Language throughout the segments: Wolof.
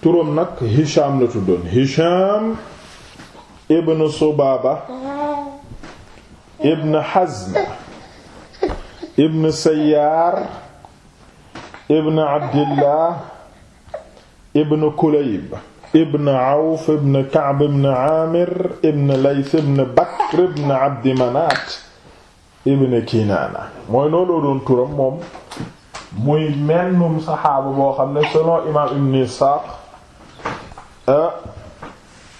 turam nag Hisham la tuddoon Hisham ibn Subaaba ibn Hazm ibn Sayyaar ibn Abdillah ibn Kulayb ibn Awf ibn Ka'b ibn Aamir ibn Layth ibn Bakr ibn Abdi Manaat ibn Kinaana mooy noonu doon turam moom muy mennum saxaaba boo xam ne selon imaam Ibn Isaaq Ah,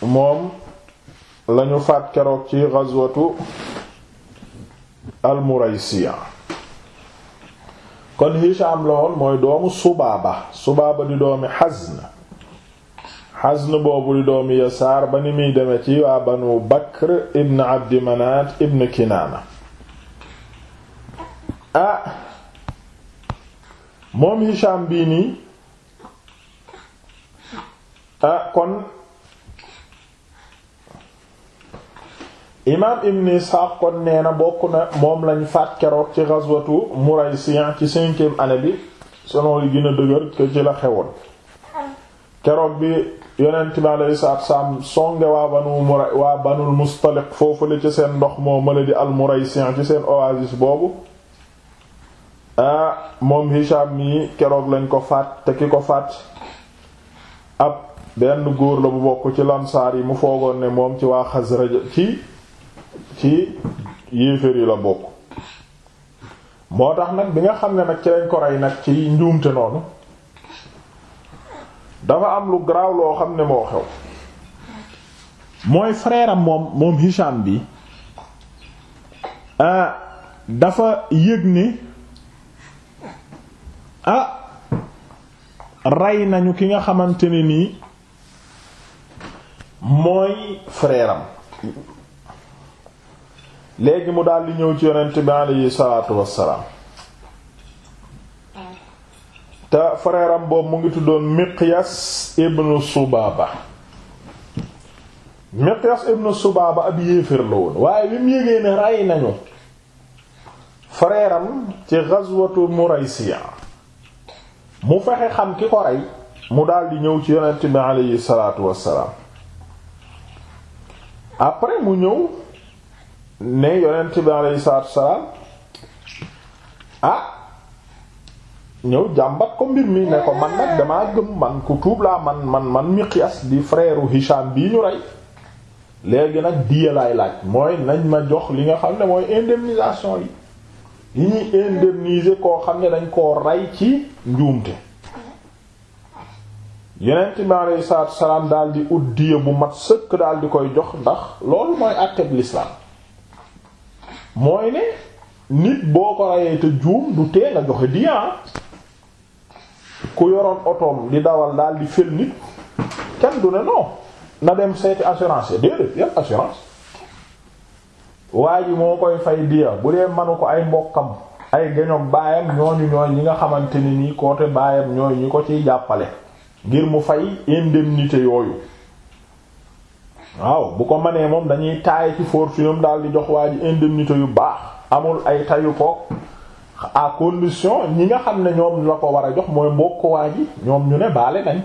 moom lañu faat keroog ci ghazwatu al kon Hisham la woon mooy doomu Subaaba Subaaba di doomi Hazn Hazn boobu di doomi Yasaar ba ni muy deme ci waa Banu Bakr ibn Abdi Manaat ibn Kinaana ah moom Hisham bii nii ah kon imaam ibn Isxaaq kon nee na bokk na moom lañ faat keroog ci ghazwatu Muraysiyan ah, ci cinquième année bi selon li gën dëgër que ci la xewoon keroog bi yonent bi alayhi salaatu salaam foofu ci seen ndox moo mala di al Muraysiyan ah, ci oasis boobu ah moom Hisham mi keroog lañ ko faat te ki ko faat ab benn góor la bu bokk ci lansaar yi mu foogoon ne moom ci waa Xasraj ci ci yéeféer yi la bokk moo tax nag bi nga xam ne nag ci lañ ko rey nag ci njuumte noonu dafa am lu garaaw loo xam ne moo xew mooy frère moom moom Hisham bi euh, dafa yëg ne ah rey nañu ki nga xamante ni nii mooy frère léegi mu daldi ñëw ci yonent bi aleyhi salaatu wassalaam te frère boobu mu ngi tuddoon Miqyas ibnu Subaaba Miqyas ibnu Subaaba ab yéeféer la woon waaye bi mu yégee ne rey nañu frère am ci ghazwatu Muraysiya mu fexe xam ki ko rey mu daldi ñëw ci yonent bi aleyhi salaatu wassalaam après mu ñëw ne yonent bi alayhi salaatu ah ñëw jàmbat ko mbir mi ne ko man nag damaa gëm man ku tuub laa man man man Miqyas di frère Hisham bii ñu rey léegi nag diya laay laaj mooy nañ ma jox li nga xam ne mooy indemnisation yi yi ñuy indemniser koo xam ne dañ koo rey ci njuumte yonent bi aleyhi salaatu salaam daal di uddiya bu mat sëkk daal di koy jox ndax loolu mooy àtteb lislaam mooy ne nit boo ko reyee te juum du tee nga joxe diyaa ku yoroon otoom di dawal daal di fël nit kenn du ne non na dem seeti assurance déedéet yan assurance waa ji moo koy fay diya bu dee manu ko ay mbokkam ay gañom baayam ñooñu ñooy ñi nga xamante ni nii côté baayam ñooy ñi ko ciy jàppale ngir mu fay indemnité yooyu waaw bu ko mënee moom dañuy taay ci fortune daal di jox waa ji indemnité yu baax amul ay tayu ko à condition ñi nga xam ne ñoom la ko war a jox mooy mbokk waa ji ñoom ñu ne baale nañ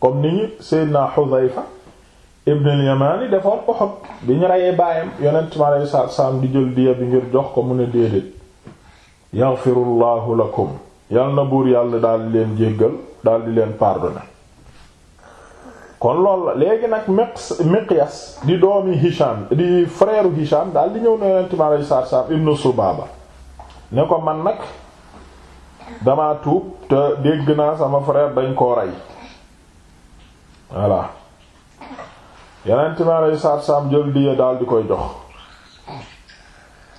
comme ni ñu Seydina Xudayfa ibn al-Yaman yi defoon ko bi ñu reyee baayam yonent mi alayhi salaatu salaam di jël diya bi ngir jox ko mu ne déedéet yaghfirullahu lakum yal na buur yàlla daal di leen jéggal daal di leen pardonner kon loolu la léegi nag Miqyas di doomi Hisham di frère Hisham daal di ñëw na ne la mi alayhi salaatu salaam ibnu ba ne ko man nag damaa tuub te dégg naa sama frère dañ koo rey voilà yonent mi alayhi salaatu salaam jël diye daal di koy jox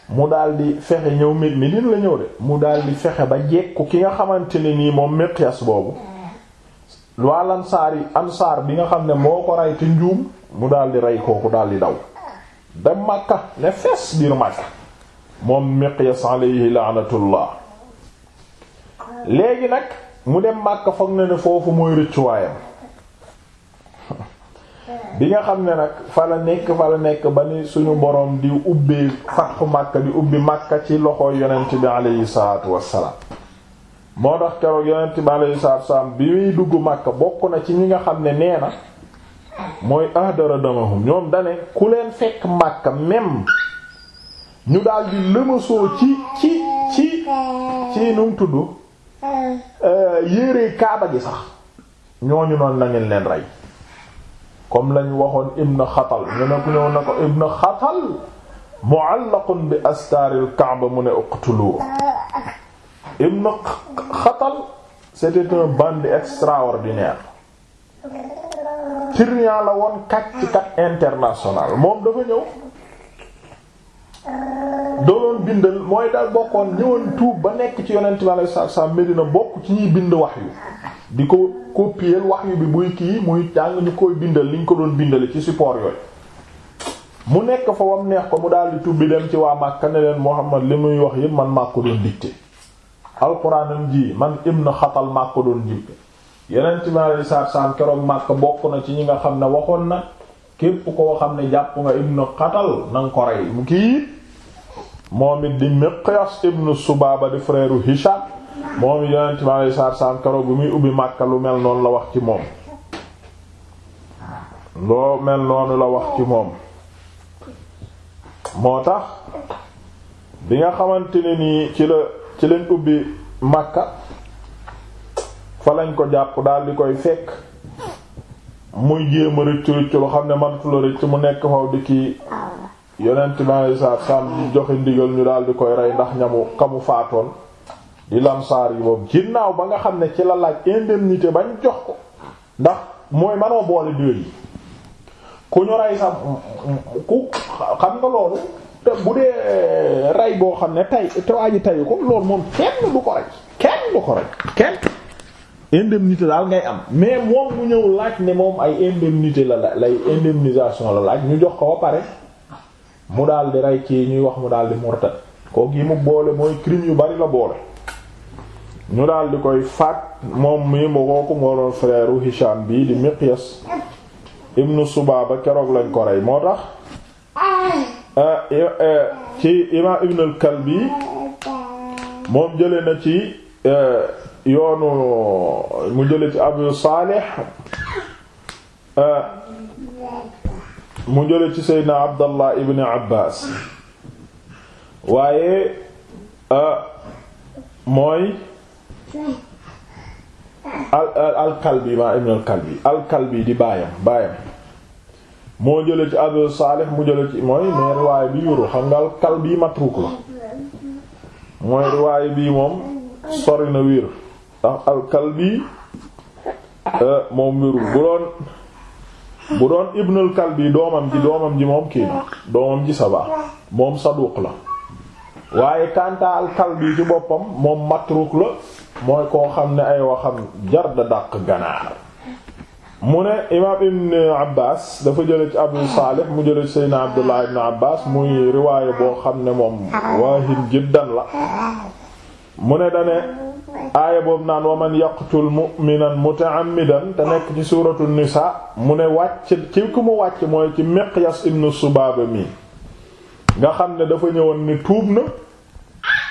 mu daal di fexe ñëw mi mi din la ñëw de mu daal di fexe ba jekku ki nga xamante ne nii moom Miqyas boobu wal ansaar yi ansaar bi nga xam ne moo ko rey te njuum mu daal di rey kooku daal di daw dem Makka ne fees biir Makka moom Miqyas alayhi laanatullah léegi nag mu dem Makka foog na ne foofu mooy rëccuwaayam bi nga xam ne nag fa la nekk fa la nekk ba ni suñu boroom di ubbi fatxu Makka di ubbi Makka ci loxo yonent bi alayhi salaatu wassalaam moo tax keroog yonent bi alayhi salaatu salaam bi muy dugg màkk bokk na ci ñi nga xam ne nee na mooy ahdara damahum ñoom dane ku leen fekk Makka mem ñu daal di lëmasoo ci ci ci ci nu mu tudd euh, yére kaaba gi sax ñooñu noonu la ngeen leen rey comme lañ waxoon ibn xatal ñu ne ku ñëw na ko ibn xatal mu'allaqun bi astaaril kaaba mu ne uqtuluhu ibn Xatal c'était un bandit extraordinaire tyrien la woon kàcc-kat international moom dafa ñëw doonoon bindal mooy dal bokkoon ñëwoon tuub ba nekk ci yonent bi alayhi salaatu salaam bokk ci ñuy bind wax yu di ko copier wax yu buy kii muy jàng ñu koy bindal li ñu ko doon bindale ci support yooyu mu nekk fa wam neex ko mu daal di tuub bi dem ci waa Makka ne leen Muhammad li muy wax yépp man maa ko doon dicté alxuraanam ji man ibn xatal màkk doon jippe yeneen ci ma saat saam keroog màkk bokk na ci ñi nga xam ne waxoon na képp koo xam ne jàpp nga ibn xatal nanga ko rey mu kii moom it di miqyas ibn subaaba di frère hisham moom it yeneen ci ma saat saam keroog bi muy ubbi màkk lu mel noonu la wax ci moom loo mel noonu la wax ci moom moo tax bi nga xamante ne nii ci la ci lañ ubbi Makka fa lañ ko jàpp dal di koy fekk muy jéem a rëccu rëccu lu xam ne man la rëcc mu nekk faw dikki kii yonent mi alei saatu salaam di joxe ndigal ñu daal di koy rey ndax ñamu kamu faatoon di lamsaar yi moom ginnaaw ba nga xam ne ci la laaj indemnité bañ jox ko ndax mooy manoo boole deux yi ku ñu rey sa ku xam nga loolu te bu dee rey boo xam ne tay te waa ji tayu ko loolu moom kenn du ko rey kenn du ko rey kenn indemnité daal ngay am mais moom mu ñëw laaj ni moom ay indemnité la la lay indemnisation la laaj ñu jox ko ba pare mu dal di rey kii ñuy wax mu daal di murtad kooku yi mu boole mooy crime yu bari la boole ñu daal di koy faat moom mii mu kooku moo doon frère Hisham bii di Miqyas ibnu Subaaba keroog lañ ko rey moo tax Ah, eh, eh, ci imaam Ibn al moom jële na ci eh, yoonu mu jële ci Abu Salih mu jële ci Seydina Abdallah Ibn Abbas waaye mooy al al al Kalbi ma di baayam baayam. moo jële ci Abu Salih mu jële ci mooy mais riwaay bi yuru xam nga kal bii matruk la mooy riwaay bii moom sori na wiir ndax alkal bii eh, moom wérul bu doon bu doon ibnul kalbi doomam ji doomam ji moom kii na doomam ji sabaa moom saduq la waaye kanta al kalbi ci boppam moom matruk la mooy koo xam ne ay waxam jar da dàq ganaar mu ne imaam ibn Abbas dafa jële ci Abu Salih mu jële ci Seydina Abdullah ibn Abbas muy riwaaya boo xam ne moom waahin jiddan la mu ne dane aaya boobu naan wa man yaqtul mu'minan muta'ammidan te nekk ci suuratu nisaa mu ne wàcc ci ku mu wàcc mooy ci Miqyas ibn Subaaba mi nga xam ne dafa ñëwoon ni tuub na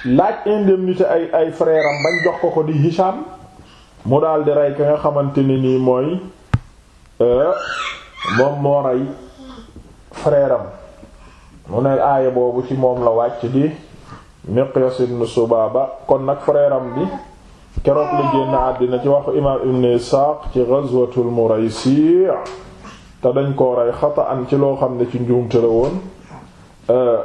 laaj indemnité ay ay frère bañ jox ko ko di Hisham mu daal di rey ka nga xamante ni nii mooy Euh, moom moo rey mu ne aaya boobu ci moom la wàcc di Miqyas ibn Subaaba kon nag frère am bi keroog la génn àddina ci wax imaam Ibn Isaaq ci ghazwatul Muraysi te dañ koo xata'an ci loo xam ne ci njuumte la woon euh,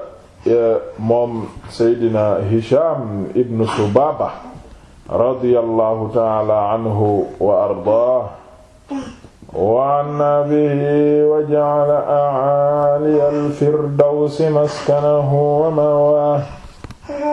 euh, moom Seydina Hisham ibn Subaaba radiyallahu ta'ala anhu wa ardaah waan abihi wa ja'ala a'aaliya al-firdawsi maskanahu wa ma'waahu